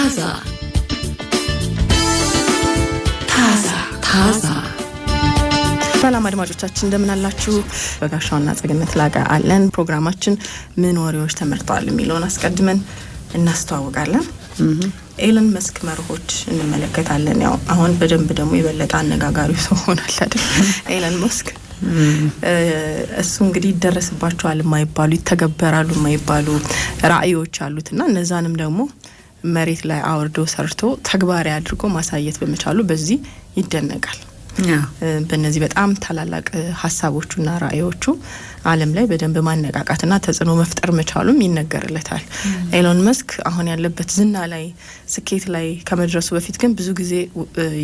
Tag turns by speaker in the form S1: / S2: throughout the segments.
S1: 타사 타사 타사 ሰላም አድማጮቻችን እንደምን አላችሁ? በጋሻውና ጸግነት ላጋ አለን። ፕሮግራማችን ምን ወሬዎች ተመርጠዋል የሚለውን አስቀድመን እናስተዋወቃለን ኤለን መስክ መርሆች እንመለከታለን። ያው አሁን በደንብ ደግሞ የበለጠ አነጋጋሪ ሰው ሆናል አይደል? ኤለን መስክ እሱ እንግዲህ ይደረስባቸዋል የማይባሉ ይተገበራሉ የማይባሉ ራዕዮች አሉት እና እነዛንም ደግሞ መሬት ላይ አውርዶ ሰርቶ ተግባራዊ አድርጎ ማሳየት በመቻሉ በዚህ ይደነቃል። በእነዚህ በጣም ታላላቅ ሀሳቦቹና ራዕዮቹ ዓለም ላይ በደንብ ማነቃቃትና ተጽዕኖ መፍጠር መቻሉም ይነገርለታል። ኤሎን መስክ አሁን ያለበት ዝና ላይ ስኬት ላይ ከመድረሱ በፊት ግን ብዙ ጊዜ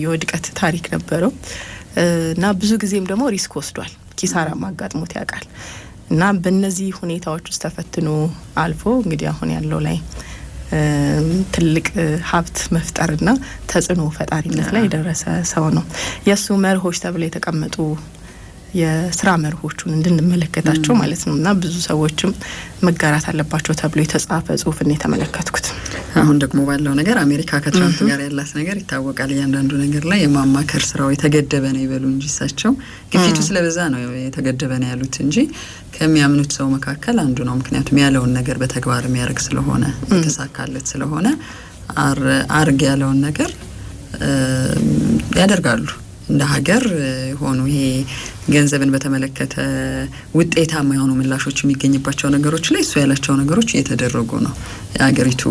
S1: የውድቀት ታሪክ ነበረው እና ብዙ ጊዜም ደግሞ ሪስክ ወስዷል። ኪሳራ ማጋጥሞት ያውቃል እና በእነዚህ ሁኔታዎች ውስጥ ተፈትኖ አልፎ እንግዲህ አሁን ያለው ላይ ትልቅ ሀብት መፍጠርና ተጽዕኖ ፈጣሪነት ላይ የደረሰ ሰው ነው። የእሱ መርሆች ተብለው የተቀመጡ የስራ መርሆቹን እንድንመለከታቸው ማለት ነው እና ብዙ ሰዎችም መጋራት አለባቸው ተብሎ የተጻፈ ጽሁፍን የተመለከትኩት።
S2: አሁን ደግሞ ባለው ነገር አሜሪካ ከትራምፕ ጋር ያላት ነገር ይታወቃል። እያንዳንዱ ነገር ላይ የማማከር ስራው የተገደበ ነው ይበሉ እንጂ እሳቸው ግፊቱ ስለበዛ ነው የተገደበ ነው ያሉት እንጂ ከሚያምኑት ሰው መካከል አንዱ ነው። ምክንያቱም ያለውን ነገር በተግባር የሚያደርግ ስለሆነ የተሳካለት ስለሆነ አርግ ያለውን ነገር ያደርጋሉ እንደ ሀገር ሆኑ ይሄ ገንዘብን በተመለከተ ውጤታማ የሆኑ ምላሾች የሚገኝባቸው ነገሮች ላይ እሱ ያላቸው ነገሮች እየተደረጉ ነው። የሀገሪቱ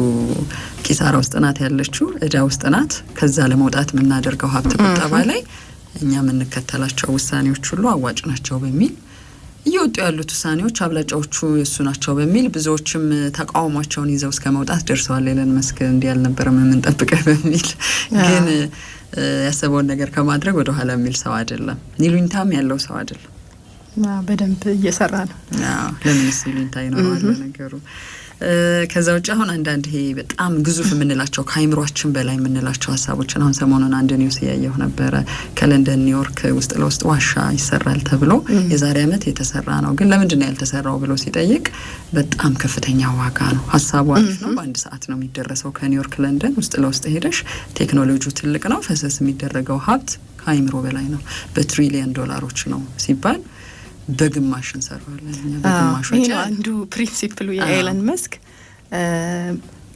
S2: ኪሳራ ውስጥ ናት ያለችው፣ እዳ ውስጥ ናት። ከዛ ለመውጣት የምናደርገው ሀብት ቁጠባ ላይ እኛ የምንከተላቸው ውሳኔዎች ሁሉ አዋጭ ናቸው በሚል እየወጡ ያሉት ውሳኔዎች አብላጫዎቹ እሱ ናቸው በሚል ብዙዎችም ተቃውሟቸውን ይዘው እስከ መውጣት ደርሰዋል። የለን መስክ እንዲህ አልነበረም የምንጠብቀ በሚል ግን ያሰበውን ነገር ከማድረግ ወደ ኋላ የሚል ሰው አይደለም። ይሉኝታም ያለው ሰው አይደለም።
S1: በደንብ እየሰራ ነው።
S2: ለምንስ ይሉኝታ ይኖረዋል ነገሩ ከዛ ውጭ አሁን አንዳንድ ይሄ በጣም ግዙፍ የምንላቸው ከአይምሯችን በላይ የምንላቸው ሀሳቦችን አሁን ሰሞኑን አንድ ኒውስ እያየሁ ነበረ። ከለንደን ኒውዮርክ ውስጥ ለውስጥ ዋሻ ይሰራል ተብሎ የዛሬ ዓመት የተሰራ ነው፣ ግን ለምንድን ነው ያልተሰራው ብሎ ሲጠይቅ በጣም ከፍተኛ ዋጋ ነው። ሀሳቡ አሪፍ ነው፣ በአንድ ሰዓት ነው የሚደረሰው ከኒውዮርክ ለንደን። ውስጥ ለውስጥ ሄደሽ ቴክኖሎጂው ትልቅ ነው። ፈሰስ የሚደረገው ሀብት ከአይምሮ በላይ ነው። በትሪሊየን ዶላሮች ነው ሲባል በግማሽ እንሰራዋለን።
S1: አንዱ ፕሪንሲፕሉ የኤለን መስክ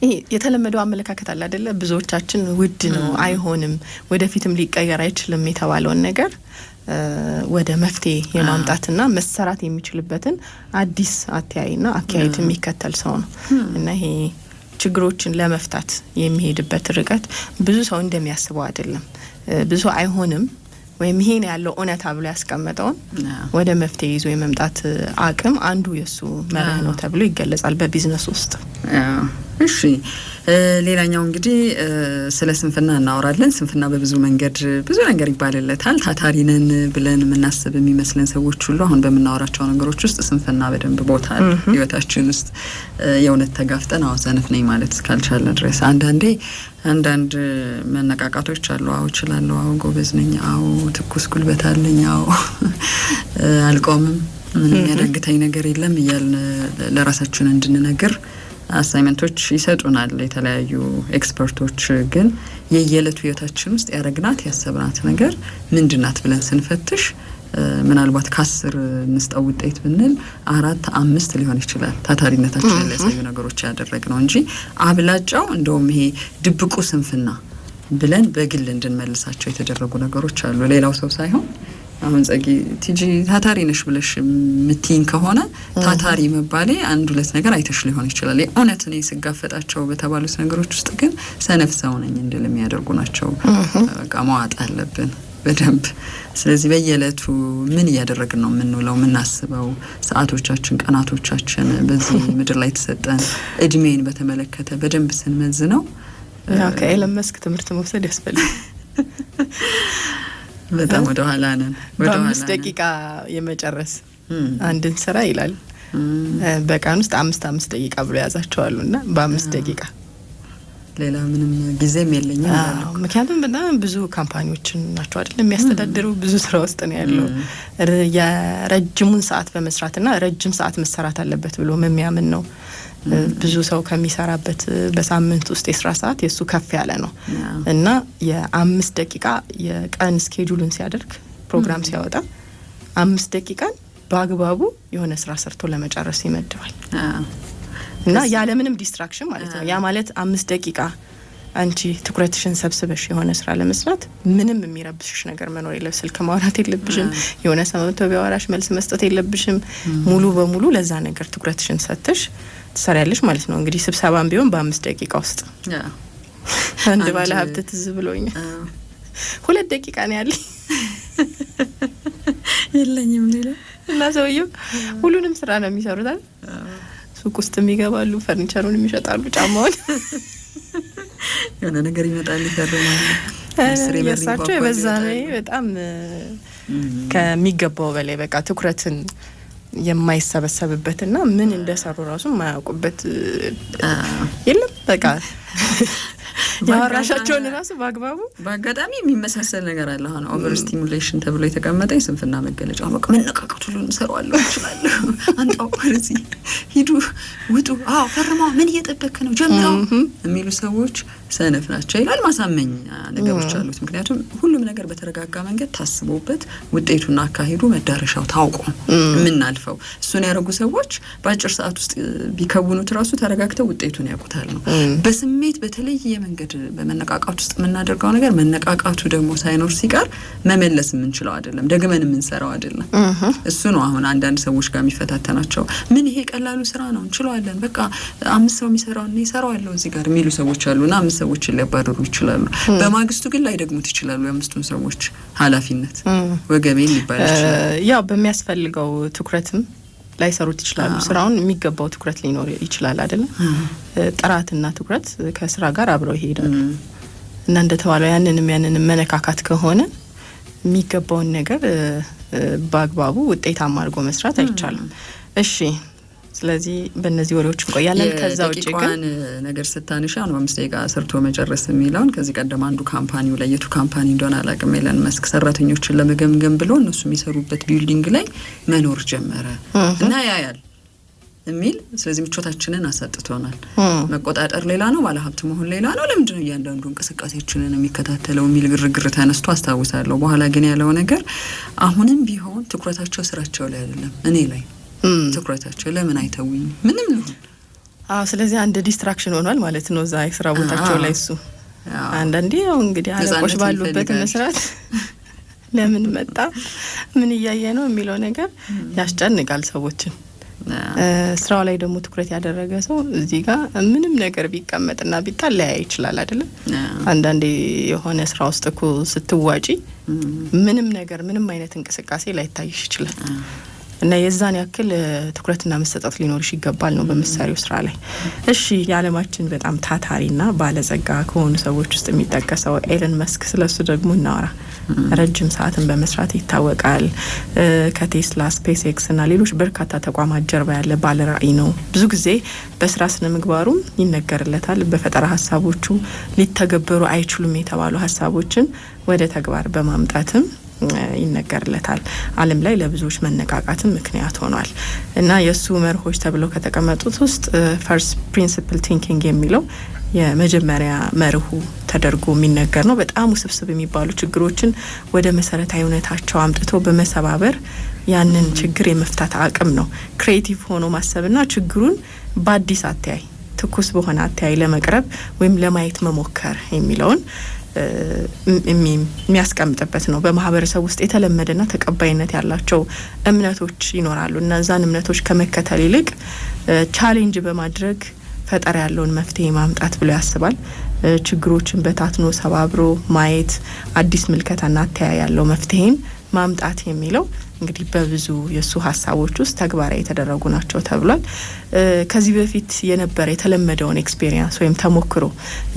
S1: ይሄ የተለመደው አመለካከት አለ አደለ? ብዙዎቻችን ውድ ነው፣ አይሆንም፣ ወደፊትም ሊቀየር አይችልም የተባለውን ነገር ወደ መፍትሄ የማምጣትና መሰራት የሚችልበትን አዲስ አተያይና አካሄድ የሚከተል ሰው ነው እና ይሄ ችግሮችን ለመፍታት የሚሄድበት ርቀት ብዙ ሰው እንደሚያስበው አይደለም። ብዙ አይሆንም ወይም ይሄን ያለው እውነታ ብሎ ያስቀመጠውን ወደ መፍትሄ ይዞ የመምጣት አቅም አንዱ የሱ መርህ ነው ተብሎ ይገለጻል በቢዝነስ ውስጥ።
S2: እሺ ሌላኛው እንግዲህ ስለ ስንፍና እናወራለን። ስንፍና በብዙ መንገድ ብዙ ነገር ይባልለታል። ነን ብለን የምናስብ የሚመስለን ሰዎች ሁሉ አሁን በምናወራቸው ነገሮች ውስጥ ስንፍና በደንብ ቦታ አለ ህይወታችን ውስጥ። የእውነት ተጋፍጠን አዎ ሰነፍ ነኝ ማለት እስካልቻለ ድረስ አንዳንዴ አንዳንድ መነቃቃቶች አሉ። አዎ እችላለሁ፣ አዎ ጎበዝ ነኝ፣ አዎ ትኩስ ጉልበት አለኝ፣ አዎ አልቆምም፣ ምንም የሚያዳግተኝ ነገር የለም እያልን ለራሳችን እንድንነግር አሳይመንቶች ይሰጡናል የተለያዩ ኤክስፐርቶች። ግን የየዕለቱ ህይወታችን ውስጥ ያደረግናት ያሰብናት ነገር ምንድናት ብለን ስንፈትሽ ምናልባት ከአስር ምስጠ ውጤት ብንል አራት አምስት ሊሆን ይችላል ታታሪነታችን ያሳዩ ነገሮች ያደረግ ነው እንጂ አብላጫው እንደውም ይሄ ድብቁ ስንፍና ብለን በግል እንድንመልሳቸው የተደረጉ ነገሮች አሉ ሌላው ሰው ሳይሆን አሁን ጸጊ ቲጂ ታታሪ ነሽ ብለሽ የምትይኝ ከሆነ ታታሪ መባሌ አንድ ሁለት ነገር አይተሽ ሊሆን ይችላል። የእውነት እኔ ስጋፈጣቸው በተባሉት ነገሮች ውስጥ ግን ሰነፍ ሰው ነኝ እንድል የሚያደርጉ ናቸው። በቃ መዋጥ አለብን በደንብ ስለዚህ በየዕለቱ ምን እያደረግን ነው የምንውለው፣ የምናስበው ሰዓቶቻችን፣ ቀናቶቻችን በዚህ ምድር ላይ የተሰጠን እድሜን በተመለከተ በደንብ ስንመዝነው
S1: ከኤለን መስክ ትምህርት መውሰድ ያስፈልግ
S2: በጣም ወደ ኋላ ነን።
S1: በአምስት ደቂቃ የመጨረስ አንድን ስራ ይላል። በቀን ውስጥ አምስት አምስት ደቂቃ ብሎ የያዛቸዋሉ እና በአምስት ደቂቃ
S2: ሌላ ምንም ጊዜም የለኝም።
S1: ምክንያቱም በጣም ብዙ ካምፓኒዎችን ናቸው አይደል የሚያስተዳድረው። ብዙ ስራ ውስጥ ነው ያለው። የረጅሙን ሰዓት በመስራትና ረጅም ሰዓት መሰራት አለበት ብሎ የሚያምን ነው። ብዙ ሰው ከሚሰራበት በሳምንት ውስጥ የስራ ሰዓት የእሱ ከፍ ያለ ነው እና የአምስት ደቂቃ የቀን ስኬጁሉን ሲያደርግ ፕሮግራም hmm. ሲያወጣ አምስት ደቂቃን በአግባቡ የሆነ ስራ ሰርቶ ለመጨረስ ይመድባል እና ያለምንም ዲስትራክሽን ማለት ነው። ያ ማለት አምስት ደቂቃ አንቺ ትኩረትሽን ሰብስበሽ የሆነ ስራ ለመስራት ምንም የሚረብሽሽ ነገር መኖር የለም። ስልክ ማውራት የለብሽም። የሆነ ሰው መጥቶ ቢያወራሽ መልስ መስጠት የለብሽም። hmm. ሙሉ በሙሉ ለዛ ነገር ትኩረትሽን ሰጥተሽ ትሰሪያለሽ ማለት ነው። እንግዲህ ስብሰባም ቢሆን በአምስት ደቂቃ ውስጥ አንድ ባለ ሀብት ትዝ ብሎኛል። ሁለት ደቂቃ ነው ያለኝ
S2: የለኝም ሌላ
S1: እና ሰውየው ሁሉንም ስራ ነው የሚሰሩት አይደል? ሱቅ ውስጥ የሚገባሉ፣ ፈርኒቸሩን የሚሸጣሉ፣ ጫማውን
S2: የሆነ ነገር ይመጣል
S1: ይፈርማልሳቸው የበዛ ነው። በጣም ከሚገባው በላይ በቃ ትኩረትን የማይሰበሰብበትና ምን እንደሰሩ ራሱ የማያውቁበት የለም። በቃ ያወራሻቸውን ራሱ በአግባቡ
S2: በአጋጣሚ የሚመሳሰል ነገር አለ። ሆነ ኦቨር ስቲሙሌሽን ተብሎ የተቀመጠ የስንፍና መገለጫ በቃ መነቃቀቱ ሁሉ እንሰራዋለሁ እችላለሁ። አንጣው ወደዚህ ሂዱ፣ ውጡ፣ አዎ ፈርማው፣ ምን እየጠበክ ነው ጀምረው የሚሉ ሰዎች ሰነፍ ናቸው ይላል። ማሳመኛ ነገሮች አሉት። ምክንያቱም ሁሉም ነገር በተረጋጋ መንገድ ታስቦበት ውጤቱና አካሄዱ መዳረሻው ታውቆ የምናልፈው እሱን ያደረጉ ሰዎች በአጭር ሰዓት ውስጥ ቢከውኑት ራሱ ተረጋግተው ውጤቱን ያውቁታል ነው። በስሜት በተለየ መንገድ በመነቃቃት ውስጥ የምናደርገው ነገር መነቃቃቱ ደግሞ ሳይኖር ሲቀር መመለስ የምንችለው አይደለም፣ ደግመን የምንሰራው አይደለም። እሱ ነው አሁን አንዳንድ ሰዎች ጋር የሚፈታተናቸው። ምን ይሄ ቀላሉ ስራ ነው እንችለዋለን፣ በቃ አምስት ሰው የሚሰራው እኔ እሰራዋለሁ እዚህ ጋር የሚሉ ሰዎች አሉና አምስት ሰዎችን ሊያባረሩ ይችላሉ። በማግስቱ ግን ላይደግሙት ይችላሉ። የአምስቱን ሰዎች ኃላፊነት
S1: ወገቤን ሊባል ይችላል። ያው በሚያስፈልገው ትኩረትም ላይሰሩት ይችላሉ። ስራውን የሚገባው ትኩረት ሊኖር ይችላል አይደለም። ጥራትና ትኩረት ከስራ ጋር አብረው ይሄዳሉ እና እንደተባለው ያንንም ያንንም መነካካት ከሆነ የሚገባውን ነገር በአግባቡ ውጤታማ አድርጎ መስራት አይቻልም። እሺ ስለዚህ በእነዚህ ወሬዎች እንቆያለን።
S2: ከዛ ውጭ ግን ነገር ስታንሽ አሁን በአምስት ደቂቃ ሰርቶ መጨረስ የሚለውን ከዚህ ቀደም አንዱ ካምፓኒው ላይ የቱ ካምፓኒ እንደሆነ አላቅም ኤለን መስክ ሰራተኞችን ለመገምገም ብሎ እነሱ የሚሰሩበት ቢልዲንግ ላይ መኖር ጀመረ እና ያያል የሚል ስለዚህ ምቾታችንን አሳጥቶናል። መቆጣጠር ሌላ ነው፣ ባለሀብት መሆን ሌላ ነው። ለምንድን ነው እያንዳንዱ እንቅስቃሴያችንን የሚከታተለው የሚል ግርግር ተነስቶ አስታውሳለሁ። በኋላ ግን ያለው ነገር አሁንም ቢሆን ትኩረታቸው ስራቸው ላይ አይደለም እኔ ላይ ትኩረታቸው ለምን አይተውኝ ምንም ይሁን
S1: ስለዚህ አንድ ዲስትራክሽን ሆኗል ማለት ነው እዛ የስራ ቦታቸው ላይ እሱ አንዳንዴ ያው እንግዲህ አለቆች ባሉበት መስራት ለምን መጣ ምን እያየ ነው የሚለው ነገር ያስጨንቃል ሰዎችን። ስራው ላይ ደግሞ ትኩረት ያደረገ ሰው እዚህ ጋር ምንም ነገር ቢቀመጥና ቢጣል ሊያያ ይችላል አይደለም። አንዳንዴ የሆነ ስራ ውስጥ እኮ ስትዋጪ ምንም ነገር ምንም አይነት እንቅስቃሴ ላይታይሽ ይችላል። እና የዛን ያክል ትኩረትና መሰጠት ሊኖርሽ ይገባል ነው በምሰሪው ስራ ላይ። እሺ የዓለማችን በጣም ታታሪና ባለጸጋ ከሆኑ ሰዎች ውስጥ የሚጠቀሰው ኤለን መስክ፣ ስለሱ ደግሞ እናወራ። ረጅም ሰዓትን በመስራት ይታወቃል። ከቴስላ ስፔስ ኤክስ እና ሌሎች በርካታ ተቋማት ጀርባ ያለ ባለራዕይ ነው። ብዙ ጊዜ በስራ ስነ ምግባሩም ይነገርለታል። በፈጠራ ሀሳቦቹ ሊተገበሩ አይችሉም የተባሉ ሀሳቦችን ወደ ተግባር በማምጣትም ይነገርለታል። ዓለም ላይ ለብዙዎች መነቃቃትም ምክንያት ሆኗል እና የእሱ መርሆች ተብለው ከተቀመጡት ውስጥ ፈርስት ፕሪንስፕል ቲንኪንግ የሚለው የመጀመሪያ መርሁ ተደርጎ የሚነገር ነው። በጣም ውስብስብ የሚባሉ ችግሮችን ወደ መሰረታዊ እውነታቸው አምጥቶ በመሰባበር ያንን ችግር የመፍታት አቅም ነው። ክሬቲቭ ሆኖ ማሰብና ችግሩን በአዲስ አተያይ ትኩስ በሆነ አተያይ ለመቅረብ ወይም ለማየት መሞከር የሚለውን የሚያስቀምጥበት ነው። በማህበረሰብ ውስጥ የተለመደና ተቀባይነት ያላቸው እምነቶች ይኖራሉ። እነዛን እምነቶች ከመከተል ይልቅ ቻሌንጅ በማድረግ ፈጠር ያለውን መፍትሄ ማምጣት ብሎ ያስባል። ችግሮችን በታትኖ ሰባብሮ ማየት አዲስ ምልከታና አተያይ ያለው መፍትሄን ማምጣት የሚለው እንግዲህ በብዙ የእሱ ሀሳቦች ውስጥ ተግባራዊ የተደረጉ ናቸው ተብሏል። ከዚህ በፊት የነበረ የተለመደውን ኤክስፔሪንስ ወይም ተሞክሮ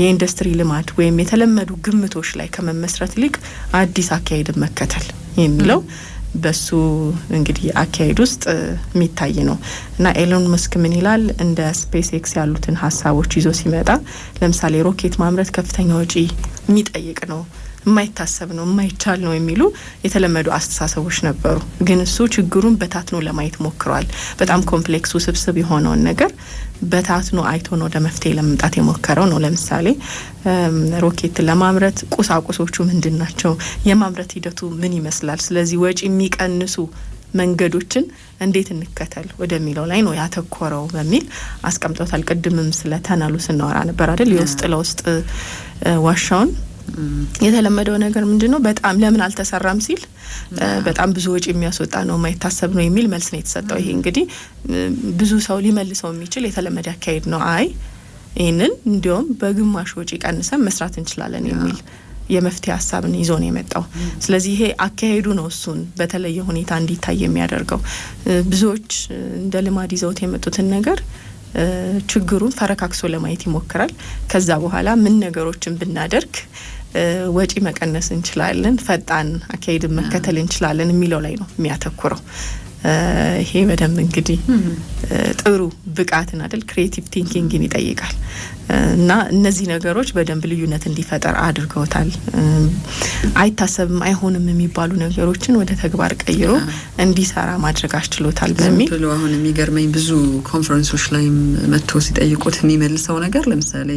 S1: የኢንዱስትሪ ልማድ ወይም የተለመዱ ግምቶች ላይ ከመመስረት ይልቅ አዲስ አካሄድን መከተል የሚለው በሱ እንግዲህ አካሄድ ውስጥ የሚታይ ነው እና ኤሎን መስክ ምን ይላል? እንደ ስፔስ ኤክስ ያሉትን ሀሳቦች ይዞ ሲመጣ ለምሳሌ ሮኬት ማምረት ከፍተኛ ወጪ የሚጠይቅ ነው የማይታሰብ ነው የማይቻል ነው የሚሉ የተለመዱ አስተሳሰቦች ነበሩ። ግን እሱ ችግሩን በታትኖ ለማየት ሞክሯል። በጣም ኮምፕሌክስ ውስብስብ የሆነውን ነገር በታትኖ አይቶ ነው ወደ መፍትሄ ለመምጣት የሞከረው ነው። ለምሳሌ ሮኬት ለማምረት ቁሳቁሶቹ ምንድን ናቸው? የማምረት ሂደቱ ምን ይመስላል? ስለዚህ ወጪ የሚቀንሱ መንገዶችን እንዴት እንከተል ወደሚለው ላይ ነው ያተኮረው በሚል አስቀምጠውታል ቅድምም ስለ ተነሉ ስናወራ ነበር አይደል? የውስጥ ለውስጥ ዋሻውን የተለመደው ነገር ምንድን ነው? በጣም ለምን አልተሰራም ሲል በጣም ብዙ ወጪ የሚያስወጣ ነው፣ የማይታሰብ ነው የሚል መልስ ነው የተሰጠው። ይሄ እንግዲህ ብዙ ሰው ሊመልሰው የሚችል የተለመደ አካሄድ ነው። አይ ይህንን እንዲሁም በግማሽ ወጪ ቀንሰን መስራት እንችላለን የሚል የመፍትሄ ሀሳብን ይዞ ነው የመጣው። ስለዚህ ይሄ አካሄዱ ነው እሱን በተለየ ሁኔታ እንዲታይ የሚያደርገው። ብዙዎች እንደ ልማድ ይዘውት የመጡትን ነገር ችግሩን ፈረካክሶ ለማየት ይሞክራል። ከዛ በኋላ ምን ነገሮችን ብናደርግ ወጪ መቀነስ እንችላለን፣ ፈጣን አካሄድን መከተል እንችላለን የሚለው ላይ ነው የሚያተኩረው። ይሄ በደንብ እንግዲህ ጥሩ ብቃትን አይደል ክሬቲቭ ቲንኪንግን ይጠይቃል እና እነዚህ ነገሮች በደንብ ልዩነት እንዲፈጠር አድርገውታል። አይታሰብም፣ አይሆንም የሚባሉ ነገሮችን ወደ ተግባር ቀይሮ እንዲሰራ ማድረግ አስችሎታል በሚል
S2: ብሎ አሁን የሚገርመኝ ብዙ ኮንፈረንሶች ላይም መጥቶ ሲጠይቁት የሚመልሰው ነገር ለምሳሌ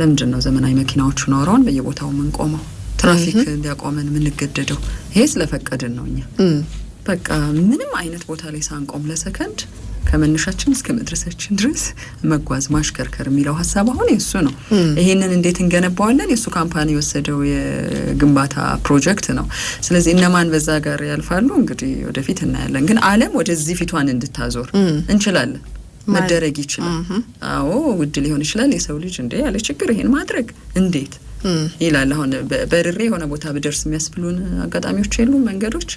S2: ለምንድን ነው ዘመናዊ መኪናዎቹ ኖረውን በየቦታው የምንቆመው? ትራፊክ እንዲያቆመን የምንገደደው ይሄ ስለፈቀድን ነው እኛ በቃ ምንም አይነት ቦታ ላይ ሳንቆም ለሰከንድ ከመነሻችን እስከ መድረሳችን ድረስ መጓዝ ማሽከርከር የሚለው ሀሳብ አሁን የእሱ ነው። ይሄንን እንዴት እንገነባዋለን? የእሱ ካምፓኒ የወሰደው የግንባታ ፕሮጀክት ነው። ስለዚህ እነማን በዛ ጋር ያልፋሉ እንግዲህ ወደፊት እናያለን። ግን ዓለም ወደዚህ ፊቷን እንድታዞር እንችላለን፣ መደረግ ይችላል። አዎ ውድ ሊሆን ይችላል የሰው ልጅ እንዴ ያለ ችግር ይሄን ማድረግ እንዴት ይላል። አሁን በርሬ የሆነ ቦታ ብደርስ የሚያስብሉን አጋጣሚዎች የሉ መንገዶች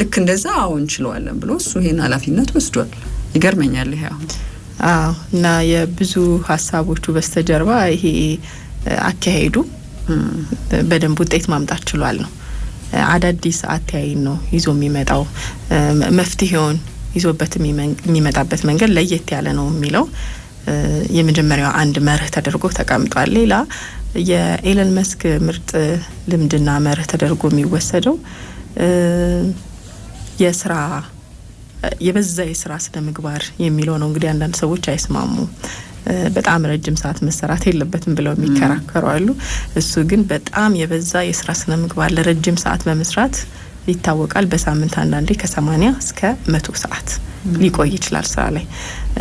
S2: ልክ እንደዛ አሁን እንችለዋለን ብሎ እሱ ይሄን ኃላፊነት ወስዷል። ይገርመኛል ይሄ አሁን
S1: አዎ እና የብዙ ሀሳቦቹ በስተጀርባ ይሄ አካሄዱ በደንብ ውጤት ማምጣት ችሏል ነው አዳዲስ አተያይን ነው ይዞ የሚመጣው መፍትሄውን ይዞበት የሚመጣበት መንገድ ለየት ያለ ነው የሚለው የመጀመሪያው አንድ መርህ ተደርጎ ተቀምጧል። ሌላ የኤለን መስክ ምርጥ ልምድና መርህ ተደርጎ የሚወሰደው የስራ የበዛ የስራ ስነ ምግባር የሚለው ነው። እንግዲህ አንዳንድ ሰዎች አይስማሙም። በጣም ረጅም ሰዓት መሰራት የለበትም ብለው የሚከራከሩ አሉ። እሱ ግን በጣም የበዛ የስራ ስነ ምግባር ለረጅም ሰዓት በመስራት ይታወቃል። በሳምንት አንዳንዴ ከሰማኒያ እስከ መቶ ሰዓት ሊቆይ ይችላል ስራ ላይ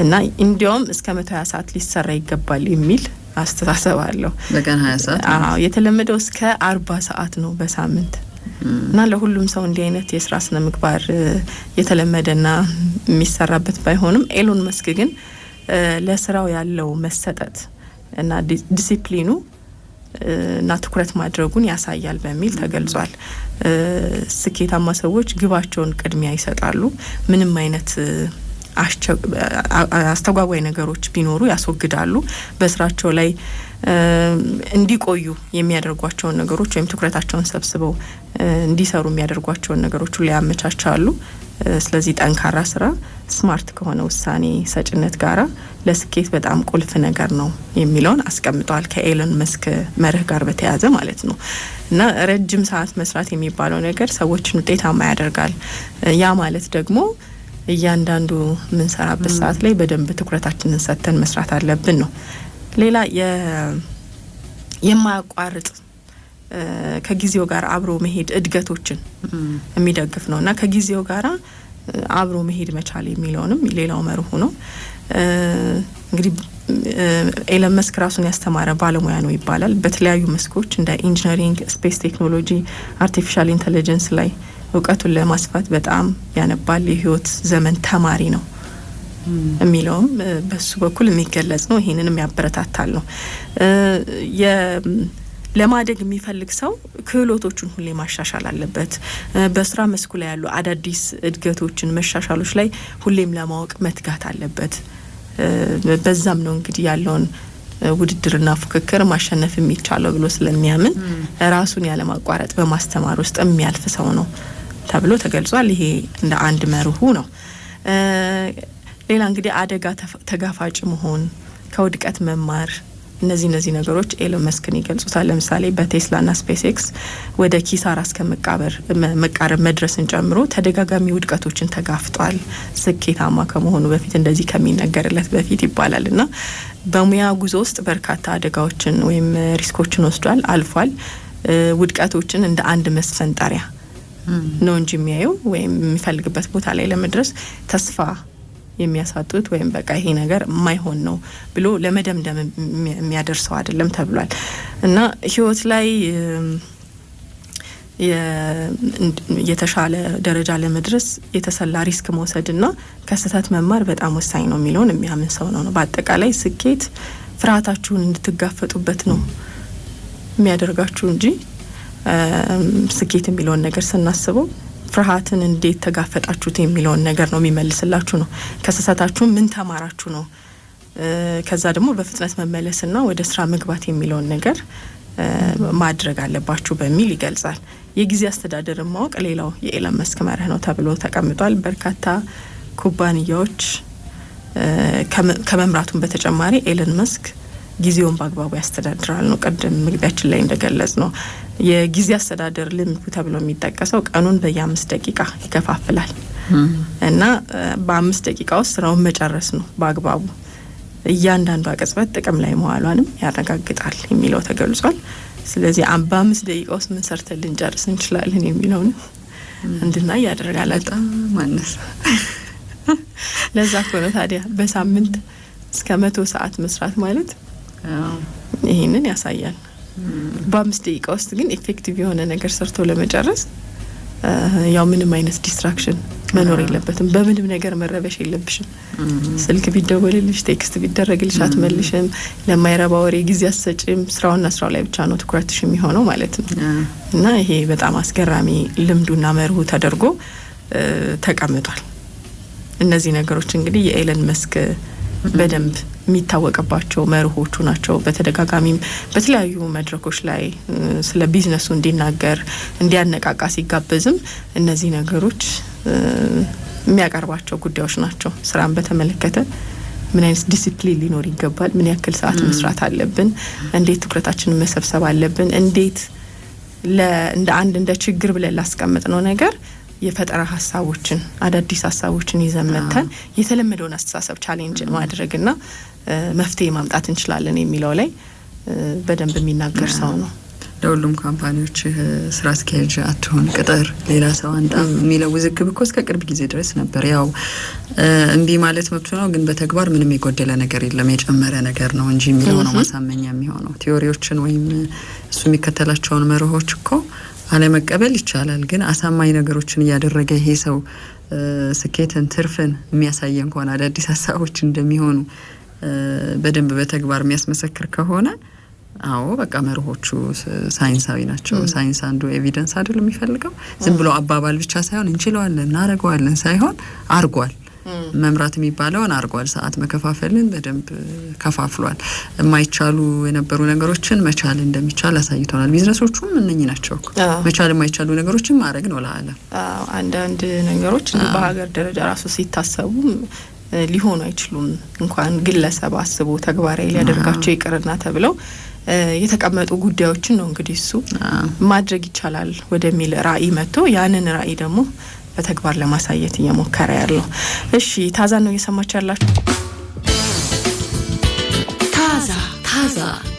S1: እና እንዲያውም እስከ መቶ ሀያ ሰዓት ሊሰራ ይገባል የሚል አስተሳሰብ አለው። በቀን ሀያ ሰዓት የተለመደው እስከ አርባ ሰዓት ነው በሳምንት እና ለሁሉም ሰው እንዲህ አይነት የስራ ስነ ምግባር የተለመደና የሚሰራበት ባይሆንም ኤሎን መስክ ግን ለስራው ያለው መሰጠት እና ዲሲፕሊኑ እና ትኩረት ማድረጉን ያሳያል በሚል ተገልጿል። ስኬታማ ሰዎች ግባቸውን ቅድሚያ ይሰጣሉ። ምንም አይነት አስተጓጓይ ነገሮች ቢኖሩ ያስወግዳሉ። በስራቸው ላይ እንዲቆዩ የሚያደርጓቸውን ነገሮች ወይም ትኩረታቸውን ሰብስበው እንዲሰሩ የሚያደርጓቸውን ነገሮች ሁሉ ያመቻቻሉ። ስለዚህ ጠንካራ ስራ ስማርት ከሆነ ውሳኔ ሰጭነት ጋራ ለስኬት በጣም ቁልፍ ነገር ነው የሚለውን አስቀምጠዋል። ከኤለን መስክ መርህ ጋር በተያያዘ ማለት ነው እና ረጅም ሰዓት መስራት የሚባለው ነገር ሰዎችን ውጤታማ ያደርጋል። ያ ማለት ደግሞ እያንዳንዱ የምንሰራበት ሰዓት ላይ በደንብ ትኩረታችንን ሰጥተን መስራት አለብን ነው። ሌላ የማያቋርጥ ከጊዜው ጋር አብሮ መሄድ እድገቶችን የሚደግፍ ነው እና ከጊዜው ጋር አብሮ መሄድ መቻል የሚለውንም ሌላው መርሁ ነው። እንግዲህ ኤለን መስክ ራሱን ያስተማረ ባለሙያ ነው ይባላል። በተለያዩ መስኮች እንደ ኢንጂነሪንግ፣ ስፔስ ቴክኖሎጂ፣ አርቲፊሻል ኢንቴሊጀንስ ላይ እውቀቱን ለማስፋት በጣም ያነባል። የህይወት ዘመን ተማሪ ነው የሚለውም በሱ በኩል የሚገለጽ ነው። ይህንንም ያበረታታል ነው። ለማደግ የሚፈልግ ሰው ክህሎቶቹን ሁሌ ማሻሻል አለበት። በስራ መስኩ ላይ ያሉ አዳዲስ እድገቶችን፣ መሻሻሎች ላይ ሁሌም ለማወቅ መትጋት አለበት። በዛም ነው እንግዲህ ያለውን ውድድርና ፉክክር ማሸነፍ የሚቻለው ብሎ ስለሚያምን ራሱን ያለማቋረጥ በማስተማር ውስጥ የሚያልፍ ሰው ነው። ተብሎ ተገልጿል። ይሄ እንደ አንድ መርሁ ነው። ሌላ እንግዲህ አደጋ ተጋፋጭ መሆን፣ ከውድቀት መማር እነዚህ እነዚህ ነገሮች ኤሎን መስክን ይገልጹታል። ለምሳሌ በቴስላና ስፔስ ኤክስ ወደ ኪሳራ እስከ መቃረብ መድረስን ጨምሮ ተደጋጋሚ ውድቀቶችን ተጋፍጧል ስኬታማ ከመሆኑ በፊት እንደዚህ ከሚነገርለት በፊት ይባላል እና በሙያ ጉዞ ውስጥ በርካታ አደጋዎችን ወይም ሪስኮችን ወስዷል፣ አልፏል። ውድቀቶችን እንደ አንድ መስፈንጠሪያ ነው እንጂ የሚያየው ወይም የሚፈልግበት ቦታ ላይ ለመድረስ ተስፋ የሚያሳጡት ወይም በቃ ይሄ ነገር የማይሆን ነው ብሎ ለመደምደም የሚያደርሰው አይደለም ተብሏል እና ህይወት ላይ የተሻለ ደረጃ ለመድረስ የተሰላ ሪስክ መውሰድና ከስህተት መማር በጣም ወሳኝ ነው የሚለውን የሚያምን ሰው ነው ነው። በአጠቃላይ ስኬት ፍርሃታችሁን እንድትጋፈጡበት ነው የሚያደርጋችሁ እንጂ ስኬት የሚለውን ነገር ስናስበው ፍርሃትን እንዴት ተጋፈጣችሁት የሚለውን ነገር ነው የሚመልስላችሁ ነው። ከስህተታችሁ ምን ተማራችሁ ነው። ከዛ ደግሞ በፍጥነት መመለስና ወደ ስራ መግባት የሚለውን ነገር ማድረግ አለባችሁ በሚል ይገልጻል። የጊዜ አስተዳደርን ማወቅ ሌላው የኤለን መስክ መርህ ነው ተብሎ ተቀምጧል። በርካታ ኩባንያዎች ከመምራቱን በተጨማሪ ኤለን መስክ ጊዜውን በአግባቡ ያስተዳድራል ነው። ቀደም መግቢያችን ላይ እንደገለጽ ነው የጊዜ አስተዳደር ልምዱ ተብሎ የሚጠቀሰው ቀኑን በየአምስት ደቂቃ ይከፋፍላል እና በአምስት ደቂቃ ውስጥ ስራውን መጨረስ ነው በአግባቡ እያንዳንዷ ቅጽበት ጥቅም ላይ መዋሏንም ያረጋግጣል የሚለው ተገልጿል። ስለዚህ በአምስት ደቂቃ ውስጥ ምን ሰርተን ልንጨርስ እንችላለን የሚለውን እንድናይ ያደርጋል። ማነስ ለዛ ኮነ ታዲያ በሳምንት እስከ መቶ ሰዓት መስራት ማለት ይህንን ያሳያል። በአምስት ደቂቃ ውስጥ ግን ኤፌክቲቭ የሆነ ነገር ሰርቶ ለመጨረስ ያው ምንም አይነት ዲስትራክሽን መኖር የለበትም። በምንም ነገር መረበሽ የለብሽም። ስልክ ቢደወልልሽ፣ ቴክስት ቢደረግልሽ አትመልሽም። ለማይረባ ወሬ ጊዜ አትሰጭም። ስራውና ስራው ላይ ብቻ ነው ትኩረትሽ የሚሆነው ማለት ነው እና ይሄ በጣም አስገራሚ ልምዱና መርሁ ተደርጎ ተቀምጧል። እነዚህ ነገሮች እንግዲህ የኤለን መስክ በደንብ የሚታወቅባቸው መርሆቹ ናቸው። በተደጋጋሚም በተለያዩ መድረኮች ላይ ስለ ቢዝነሱ እንዲናገር እንዲያነቃቃ ሲጋበዝም እነዚህ ነገሮች የሚያቀርባቸው ጉዳዮች ናቸው። ስራን በተመለከተ ምን አይነት ዲሲፕሊን ሊኖር ይገባል? ምን ያክል ሰዓት መስራት አለብን? እንዴት ትኩረታችንን መሰብሰብ አለብን? እንዴት እንደ አንድ እንደ ችግር ብለን ላስቀምጥ ነው ነገር የፈጠራ ሀሳቦችን አዳዲስ ሀሳቦችን ይዘን መተን የተለመደውን አስተሳሰብ ቻሌንጅ ማድረግና መፍትሄ ማምጣት እንችላለን የሚለው ላይ በደንብ የሚናገር ሰው ነው።
S2: ለሁሉም ካምፓኒዎች ስራ አስኪያጅ አትሆን፣ ቅጥር፣ ሌላ ሰው አንጣ የሚለው ውዝግብ እኮ እስከ ቅርብ ጊዜ ድረስ ነበር። ያው እምቢ ማለት መብት ነው፣ ግን በተግባር ምንም የጎደለ ነገር የለም የጨመረ ነገር ነው እንጂ የሚለው ነው ማሳመኛ የሚሆነው። ቲዎሪዎችን ወይም እሱ የሚከተላቸውን መርሆች እኮ አለመቀበል ይቻላል። ግን አሳማኝ ነገሮችን እያደረገ ይሄ ሰው ስኬትን፣ ትርፍን የሚያሳየን ከሆነ አዳዲስ ሀሳቦች እንደሚሆኑ በደንብ በተግባር የሚያስመሰክር ከሆነ አዎ በቃ መርሆቹ ሳይንሳዊ ናቸው። ሳይንስ አንዱ ኤቪደንስ አይደል የሚፈልገው ዝም ብሎ አባባል ብቻ ሳይሆን እንችለዋለን እናደርገዋለን ሳይሆን አርጓል መምራት የሚባለውን አድርጓል። ሰዓት መከፋፈልን በደንብ ከፋፍሏል። የማይቻሉ የነበሩ ነገሮችን መቻል እንደሚቻል አሳይቶናል። ቢዝነሶቹም እነኚህ ናቸው። መቻል የማይቻሉ ነገሮችን ማድረግ ነው ለዓለም
S1: አንዳንድ ነገሮች በሀገር ደረጃ ራሱ ሲታሰቡ ሊሆኑ አይችሉም። እንኳን ግለሰብ አስቦ ተግባራዊ ሊያደርጋቸው ይቅርና ተብለው የተቀመጡ ጉዳዮችን ነው እንግዲህ እሱ ማድረግ ይቻላል ወደሚል ራዕይ መጥቶ ያንን ራዕይ ደግሞ በተግባር ለማሳየት እየሞከረ ያለው። እሺ ታዛ ነው እየሰማች ያላችሁ ታዛ ታዛ